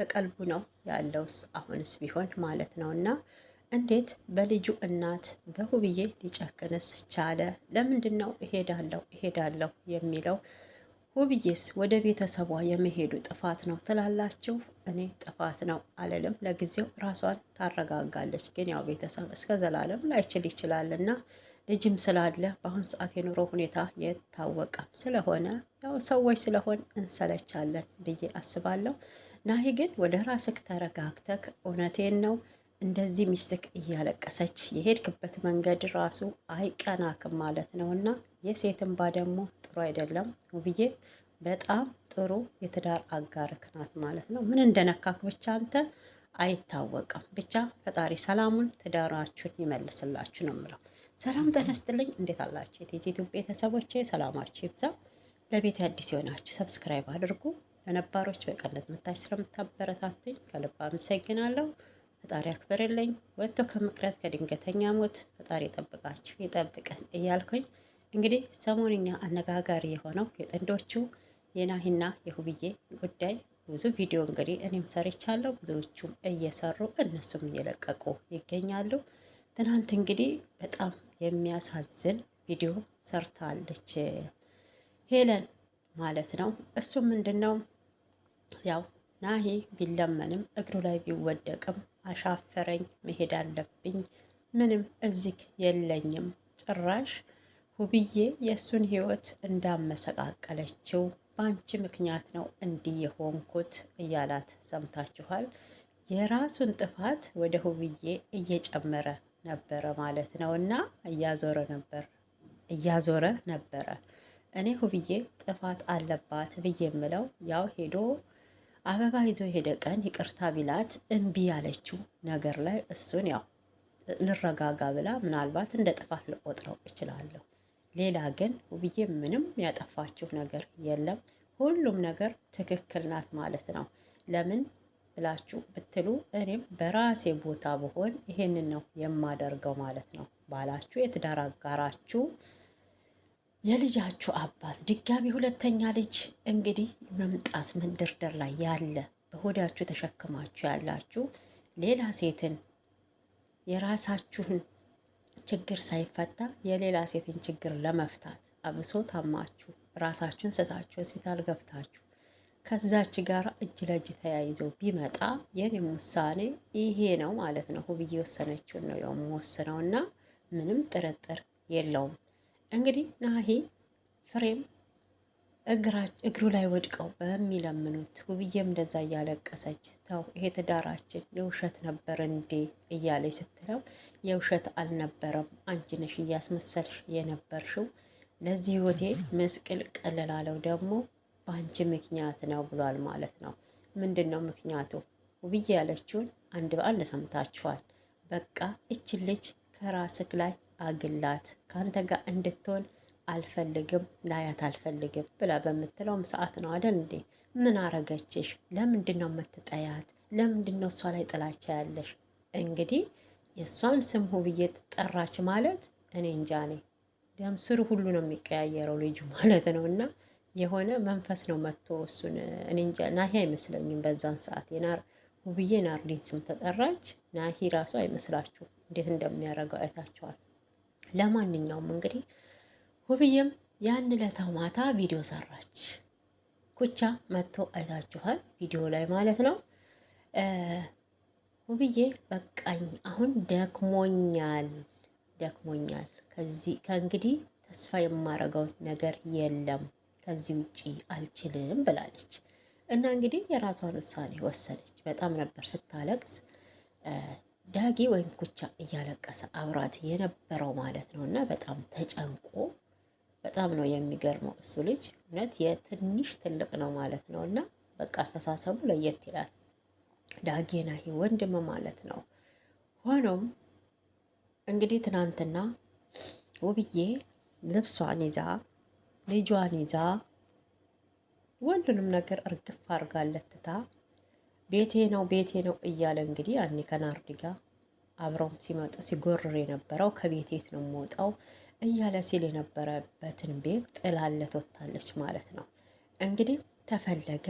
በቀልቡ ነው ያለው አሁንስ ቢሆን ማለት ነው። እና እንዴት በልጁ እናት በውብዬ ሊጨክንስ ቻለ? ለምንድን ነው እሄዳለሁ እሄዳለሁ የሚለው? ውብዬስ ወደ ቤተሰቧ የመሄዱ ጥፋት ነው ትላላችሁ? እኔ ጥፋት ነው አልልም። ለጊዜው ራሷን ታረጋጋለች። ግን ያው ቤተሰብ እስከ ዘላለም ላይችል ይችላል እና ልጅም ስላለ በአሁን ሰዓት የኑሮ ሁኔታ የታወቀ ስለሆነ ያው ሰዎች ስለሆን እንሰለቻለን ብዬ አስባለሁ። ናሂ ግን ወደ ራስክ ተረጋግተክ፣ እውነቴን ነው እንደዚህ ሚስትክ እያለቀሰች የሄድክበት መንገድ ራሱ አይቀናክም ማለት ነው እና የሴት እንባ ደግሞ ጥሩ አይደለም ውብዬ በጣም ጥሩ የትዳር አጋርክ ናት ማለት ነው። ምን እንደነካክ ብቻ አንተ አይታወቅም። ብቻ ፈጣሪ ሰላሙን ትዳራችሁን ይመልስላችሁ ነው የምለው። ሰላም ጤና ይስጥልኝ። እንዴት አላችሁ የቲጂ ቤተሰቦቼ? ሰላማችሁ ይብዛ። ለቤት አዲስ የሆናችሁ ሰብስክራይብ አድርጉ። በነባሮች በቀለት መታች ስለምታበረታትኝ ከልብ አመሰግናለሁ። ፈጣሪ አክብርልኝ። ወጥቶ ከምክንያት ከድንገተኛ ሞት ፈጣሪ ጠብቃችሁ ይጠብቀን እያልኩኝ እንግዲህ ሰሞንኛ አነጋጋሪ የሆነው የጥንዶቹ የናሂና የሁብዬ ጉዳይ ብዙ ቪዲዮ እንግዲህ እኔም ሰርቻለሁ፣ ብዙዎቹም እየሰሩ እነሱም እየለቀቁ ይገኛሉ። ትናንት እንግዲህ በጣም የሚያሳዝን ቪዲዮ ሰርታለች ሄለን ማለት ነው። እሱ ምንድን ነው ያው ናሂ ቢለመንም እግሩ ላይ ቢወደቅም አሻፈረኝ፣ መሄድ አለብኝ፣ ምንም እዚህ የለኝም፣ ጭራሽ ውብዬ የእሱን ህይወት እንዳመሰቃቀለችው በአንቺ ምክንያት ነው እንዲህ የሆንኩት እያላት ሰምታችኋል። የራሱን ጥፋት ወደ ሁብዬ እየጨመረ ነበረ ማለት ነው። እና እያዞረ ነበር እያዞረ ነበረ። እኔ ሁብዬ ጥፋት አለባት ብዬ የምለው ያው ሄዶ አበባ ይዞ የሄደ ቀን ይቅርታ ቢላት እምቢ ያለችው ነገር ላይ እሱን ያው ልረጋጋ ብላ ምናልባት እንደ ጥፋት ልቆጥረው እችላለሁ። ሌላ ግን ውብዬ ምንም ያጠፋችሁ ነገር የለም፣ ሁሉም ነገር ትክክል ናት ማለት ነው። ለምን ብላችሁ ብትሉ እኔም በራሴ ቦታ ብሆን ይሄንን ነው የማደርገው ማለት ነው። ባላችሁ የትዳር አጋራችሁ የልጃችሁ አባት ድጋሚ ሁለተኛ ልጅ እንግዲህ መምጣት መንደርደር ላይ ያለ በሆዳችሁ ተሸክማችሁ ያላችሁ ሌላ ሴትን የራሳችሁን ችግር ሳይፈታ የሌላ ሴትን ችግር ለመፍታት አብሶ ታማችሁ ራሳችሁን ስታችሁ ሆስፒታል ገብታችሁ ከዛች ጋር እጅ ለእጅ ተያይዘው ቢመጣ የኔም ውሳኔ ይሄ ነው ማለት ነው። ሁብዬ ወሰነችውን ነው የምወስነው እና ምንም ጥርጥር የለውም። እንግዲህ ናሂ ፍሬም እግሩ ላይ ወድቀው በሚለምኑት ውብዬም እንደዛ እያለቀሰች ተው ይሄ ትዳራችን የውሸት ነበር እንዴ እያለች ስትለው የውሸት አልነበረም፣ አንቺ ነሽ እያስመሰልሽ የነበርሽው ለዚህ ህይወቴ መስቅል ቀለላለው ደግሞ በአንቺ ምክንያት ነው ብሏል ማለት ነው። ምንድን ነው ምክንያቱ? ውብዬ ያለችውን አንድ በአንድ ሰምታችኋል። በቃ እችን ልጅ ከራስክ ላይ አግላት ከአንተ ጋር እንድትሆን አልፈልግም ላያት አልፈልግም ብላ በምትለውም ሰዓት ነው አይደል እንዴ? ምን አረገችሽ? ለምንድን ነው የምትጠያት? ለምንድን ነው እሷ ላይ ጥላቻ ያለሽ? እንግዲህ የእሷን ስም ሁብዬ ጠራች ማለት እኔ እንጃ እኔ ደም ስሩ ሁሉ ነው የሚቀያየረው ልጁ ማለት ነው። እና የሆነ መንፈስ ነው መጥቶ እሱን እኔ እንጃ ናሂ አይመስለኝም። በዛን ሰዓት የናር ሁብዬ ናርዲን ስም ተጠራች ናሂ ራሱ አይመስላችሁም? እንዴት እንደሚያደርገው አይታችኋል። ለማንኛውም እንግዲህ ሁብዬም ያን ለታ ማታ ቪዲዮ ሰራች። ኩቻ መጥቶ አይታችኋል፣ ቪዲዮ ላይ ማለት ነው። ሁብዬ በቃኝ፣ አሁን ደክሞኛል፣ ደክሞኛል። ከዚህ ከእንግዲህ ተስፋ የማረገው ነገር የለም ከዚህ ውጪ አልችልም ብላለች። እና እንግዲህ የራሷን ውሳኔ ወሰነች። በጣም ነበር ስታለቅስ ዳጊ ወይም ኩቻ እያለቀሰ አብራት የነበረው ማለት ነው። እና በጣም ተጨንቆ በጣም ነው የሚገርመው። እሱ ልጅ እውነት የትንሽ ትልቅ ነው ማለት ነው። እና በቃ አስተሳሰቡ ለየት ይላል። ዳጌና ይሄ ወንድም ማለት ነው። ሆኖም እንግዲህ ትናንትና ውብዬ ልብሷን ይዛ ልጇን ይዛ ወንዱንም ነገር እርግፍ አድርጋ ቤቴ ነው ቤቴ ነው እያለ እንግዲህ አኔ ከናርዲ ጋር ሲመጡ ሲጎርር የነበረው ከቤት የት ነው የምወጣው እያለ ሲል የነበረበትን ቤት ጥላለት ወጥታለች ማለት ነው። እንግዲህ ተፈለገ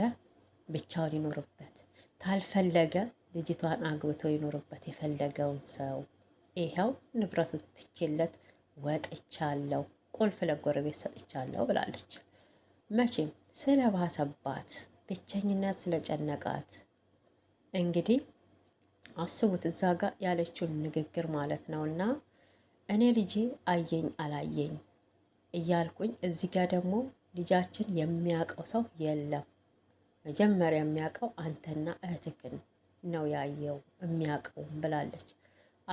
ብቻውን ይኖርበት፣ ታልፈለገ ልጅቷን አግብቶ ይኖርበት የፈለገውን ሰው። ይኸው ንብረቱን ትችለት ወጥቻለሁ፣ ቁልፍ ለጎረቤት ሰጥቻለሁ ብላለች። መቼም ስለባሰባት ብቸኝነት ስለጨነቃት እንግዲህ አስቡት እዛ ጋ ያለችውን ንግግር ማለት ነው። እና እኔ ልጄ አየኝ አላየኝ እያልኩኝ እዚህ ጋ ደግሞ ልጃችን የሚያውቀው ሰው የለም። መጀመሪያ የሚያውቀው አንተና እህትክን ነው ያየው የሚያውቀውም ብላለች።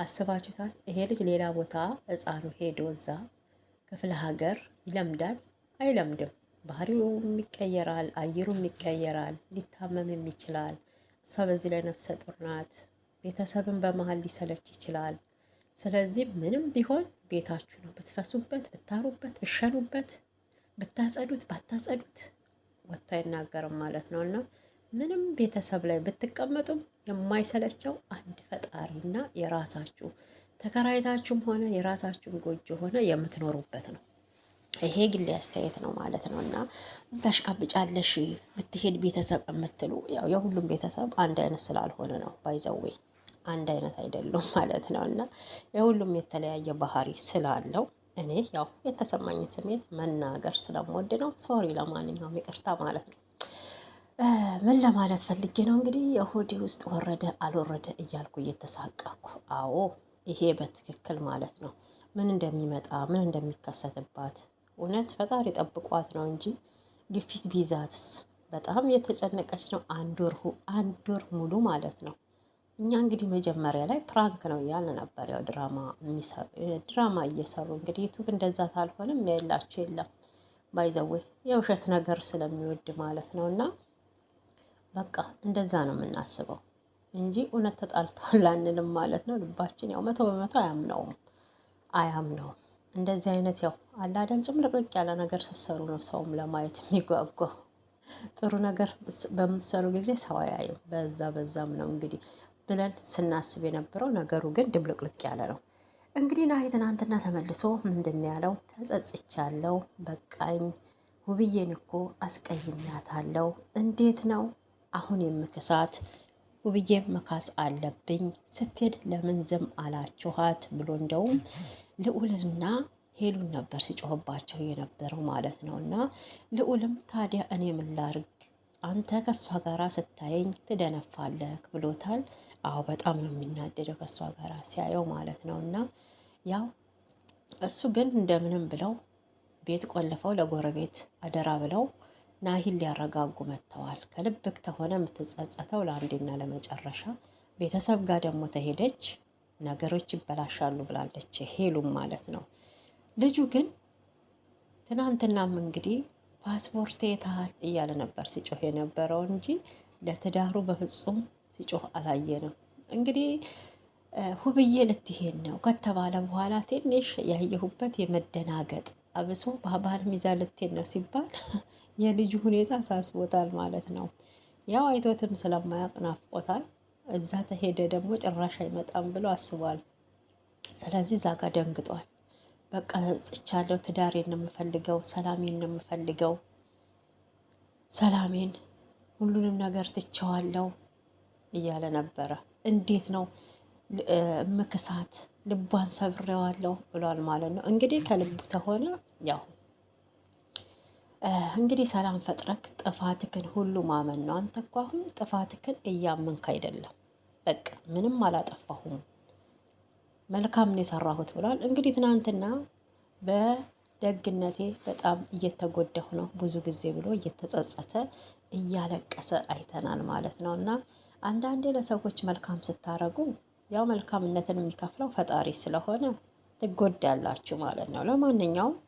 አስባችሁታል? ይሄ ልጅ ሌላ ቦታ ህፃኑ ሄዶ እዛ ክፍለ ሀገር ይለምዳል አይለምድም? ባህሪውም ይቀየራል፣ አየሩም ይቀየራል፣ ሊታመምም ይችላል። እሷ በዚህ ላይ ነፍሰ ጡር ናት። ቤተሰብን በመሀል ሊሰለች ይችላል። ስለዚህ ምንም ቢሆን ቤታችሁ ነው። ብትፈሱበት፣ ብታሩበት፣ ብሸኑበት፣ ብታጸዱት፣ ባታጸዱት ወጥቶ አይናገርም ማለት ነው እና ምንም ቤተሰብ ላይ ብትቀመጡም የማይሰለቸው አንድ ፈጣሪና የራሳችሁ ተከራይታችሁም ሆነ የራሳችሁም ጎጆ ሆነ የምትኖሩበት ነው። ይሄ ግሌ አስተያየት ነው ማለት ነው። እና ታሽቃብጫለሽ ብትሄድ ቤተሰብ የምትሉ ያው የሁሉም ቤተሰብ አንድ አይነት ስላልሆነ ነው ባይዘዌ አንድ አይነት አይደሉም ማለት ነው። እና የሁሉም የተለያየ ባህሪ ስላለው እኔ ያው የተሰማኝ ስሜት መናገር ስለምወድ ነው። ሶሪ፣ ለማንኛውም ይቅርታ ማለት ነው። ምን ለማለት ፈልጌ ነው እንግዲህ የሆዴ ውስጥ ወረደ አልወረደ እያልኩ እየተሳቀኩ፣ አዎ ይሄ በትክክል ማለት ነው ምን እንደሚመጣ ምን እንደሚከሰትባት እውነት ፈጣሪ ጠብቋት ነው እንጂ ግፊት ቢዛትስ በጣም የተጨነቀች ነው። አንድ ወር አንድ ወር ሙሉ ማለት ነው። እኛ እንግዲህ መጀመሪያ ላይ ፕራንክ ነው እያልን ነበር። ያው ድራማ እየሰሩ እንግዲህ ዩቱብ እንደዛ ታልሆንም ያላቸው የለም ባይዘዌ የውሸት ነገር ስለሚወድ ማለት ነው። እና በቃ እንደዛ ነው የምናስበው እንጂ እውነት ተጣልተዋል አንልም ማለት ነው። ልባችን ያው መቶ በመቶ አያምነውም አያምነውም። እንደዚህ አይነት ያው አላደም ጭምልቅልቅ ያለ ነገር ስትሰሩ ነው ሰውም ለማየት የሚጓጓው። ጥሩ ነገር በምትሰሩ ጊዜ ሰው አያይም። በዛ በዛም ነው እንግዲህ ብለን ስናስብ የነበረው ነገሩ ግን ድብልቅልቅ ያለ ነው። እንግዲህ ናሂ ትናንትና ተመልሶ ምንድን ያለው ተጸጽቻለሁ፣ በቃኝ፣ ውብዬን እኮ አለው እንዴት ነው አሁን የምክሳት? ውብዬ መካስ አለብኝ። ስትሄድ ለምን ዝም አላችኋት ብሎ እንደውም ልዑልና ሄሉን ነበር ሲጮህባቸው የነበረው ማለት ነው። እና ልዑልም ታዲያ እኔ ምን ላርግ አንተ ከእሷ ጋር ስታየኝ ትደነፋለህ ብሎታል። አዎ በጣም ነው የሚናደደው ከእሷ ጋር ሲያየው ማለት ነው። እና ያው እሱ ግን እንደምንም ብለው ቤት ቆልፈው ለጎረቤት አደራ ብለው ናሂን ሊያረጋጉ መጥተዋል። ከልብክ ተሆነ የምትጸጸተው ለአንዴና ለመጨረሻ ቤተሰብ ጋር ደግሞ ተሄደች። ነገሮች ይበላሻሉ ብላለች ሄሉም ማለት ነው። ልጁ ግን ትናንትናም እንግዲህ ፓስፖርት የታል እያለ ነበር ሲጮህ የነበረው እንጂ ለትዳሩ በፍጹም ሲጮህ አላየ ነው። እንግዲህ ሁብዬ ልትሄድ ነው ከተባለ በኋላ ትንሽ ያየሁበት የመደናገጥ አብሶ በባህል ሚዛ ልትሄድ ነው ሲባል የልጁ ሁኔታ አሳስቦታል ማለት ነው። ያው አይቶትም ስለማያውቅ ናፍቆታል። እዛ ተሄደ ደግሞ ጭራሽ አይመጣም ብሎ አስቧል። ስለዚህ እዛ ጋር ደንግጧል። በቃ ጽቻለሁ፣ ትዳሬን ነው የምፈልገው፣ ሰላሜን ነው የምፈልገው፣ ሰላሜን ሁሉንም ነገር ትቸዋለው እያለ ነበረ። እንዴት ነው ምክሳት ልቧን ሰብሬዋለሁ ብሏል ማለት ነው። እንግዲህ ከልቡ ተሆነ ያው እንግዲህ ሰላም ፈጥረክ ጥፋትክን ሁሉ ማመን ነው። አንተ እኮ አሁን ጥፋትክን እያመንክ አይደለም። በቃ ምንም አላጠፋሁም መልካም ነው የሰራሁት ብሏል። እንግዲህ ትናንትና በደግነቴ በጣም እየተጎዳሁ ነው ብዙ ጊዜ ብሎ እየተጸጸተ እያለቀሰ አይተናል ማለት ነው። እና አንዳንዴ ለሰዎች መልካም ስታረጉ ያው መልካምነትን የሚከፍለው ፈጣሪ ስለሆነ ትጎዳላችሁ ማለት ነው። ለማንኛውም